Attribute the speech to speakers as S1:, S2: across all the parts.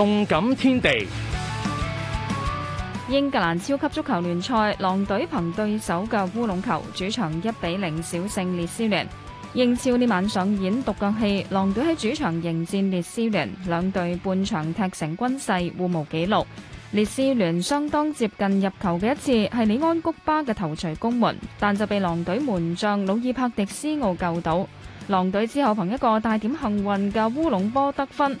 S1: 動感天地，英格蘭超級足球聯賽，狼隊憑對手嘅烏龍球，主場一比零小勝列斯聯。英超呢晚上演獨角戲，狼隊喺主場迎戰列斯聯，兩隊半場踢成均勢互無紀錄。列斯聯相當接近入球嘅一次係李安谷巴嘅頭槌攻門，但就被狼隊門將魯爾帕迪斯奧救到。狼隊之後憑一個帶點幸運嘅烏龍波得分。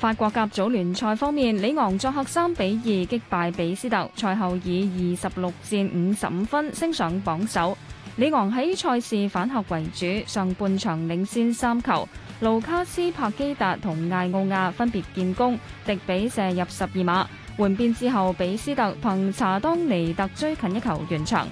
S1: 法國甲組聯賽方面，李昂作客三比二擊敗比斯特，賽後以二十六戰五十五分升上榜首。李昂喺賽事反客為主，上半場領先三球，盧卡斯·帕基達同艾奧亞分別建功，迪比射入十二碼。換邊之後，比斯特憑查當尼特追近一球完場。